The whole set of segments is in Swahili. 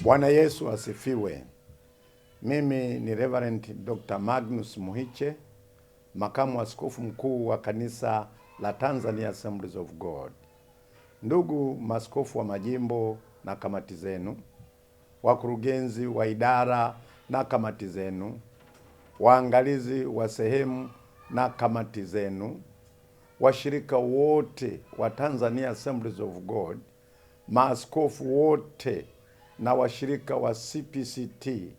Bwana Yesu asifiwe. Mimi ni Reverend Dr. Magnus Muhiche, makamu askofu mkuu wa kanisa la Tanzania Assemblies of God. Ndugu maskofu wa majimbo na kamati zenu, wakurugenzi wa idara na kamati zenu, waangalizi wa sehemu na kamati zenu, washirika wote wa Tanzania Assemblies of God, maaskofu wote na washirika wa CPCT,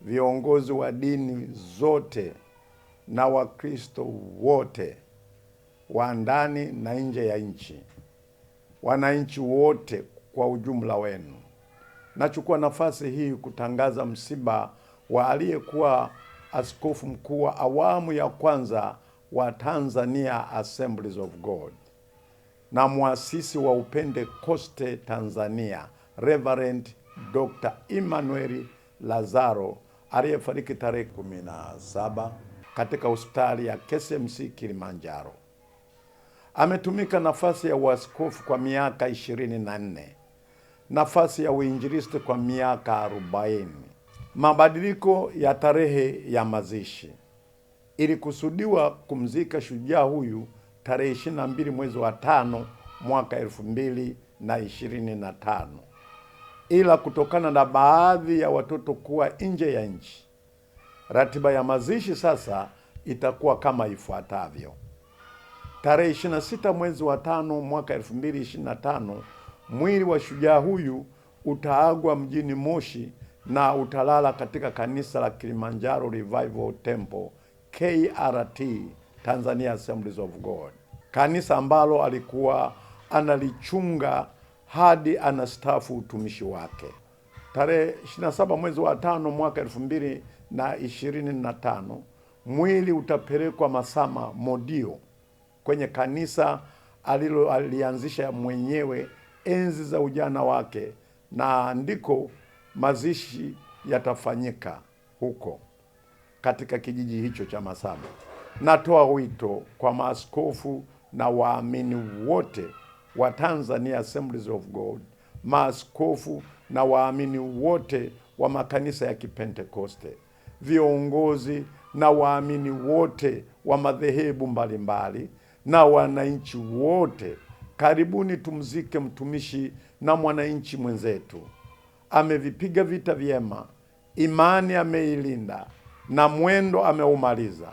viongozi wa dini zote na Wakristo wote wa ndani na nje ya nchi, wananchi wote kwa ujumla wenu. Nachukua nafasi hii kutangaza msiba wa aliyekuwa askofu mkuu wa awamu ya kwanza wa Tanzania Assemblies of God na mwasisi wa upende koste Tanzania Reverend Dr. Emmanuel Lazaro aliyefariki tarehe 17 katika hospitali ya KCMC Kilimanjaro. Ametumika nafasi ya uaskofu kwa miaka na nne nafasi ya uinjilisti kwa miaka 40. Mabadiliko ya tarehe ya mazishi ilikusudiwa kumzika shujaa huyu tarehe 22 mwezi wa tano mwaka 2025 ila kutokana na baadhi ya watoto kuwa nje ya nchi, ratiba ya mazishi sasa itakuwa kama ifuatavyo: tarehe 26 mwezi wa tano mwaka 2025 mwili wa shujaa huyu utaagwa mjini Moshi na utalala katika kanisa la Kilimanjaro Revival Temple KRT Tanzania Assemblies of God, kanisa ambalo alikuwa analichunga hadi anastaafu utumishi wake. Tarehe 27 mwezi wa tano mwaka elfu mbili na ishirini na tano mwili utapelekwa Masama Modio kwenye kanisa alilo alianzisha mwenyewe enzi za ujana wake, na ndiko mazishi yatafanyika huko katika kijiji hicho cha Masama. Natoa wito kwa maaskofu na waamini wote wa Tanzania Assemblies of God, maaskofu na waamini wote wa makanisa ya Kipentekoste, viongozi na waamini wote wa madhehebu mbalimbali na wananchi wote, karibuni tumzike mtumishi na mwananchi mwenzetu. Amevipiga vita vyema, imani ameilinda na mwendo ameumaliza.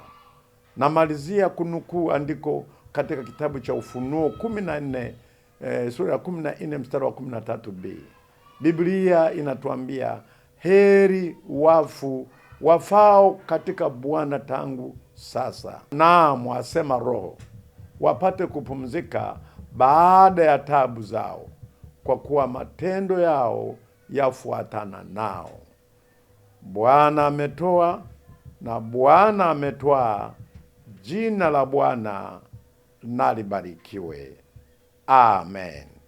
Namalizia kunukuu andiko katika kitabu cha Ufunuo kumi na nne eh, sura ya kumi na nne mstari wa kumi na tatu b Biblia inatuambia heri wafu wafao katika Bwana tangu sasa, naam, asema Roho, wapate kupumzika baada ya tabu zao, kwa kuwa matendo yao yafuatana nao. Bwana ametoa na Bwana ametwaa, jina la Bwana nalibarikiwe. Amen.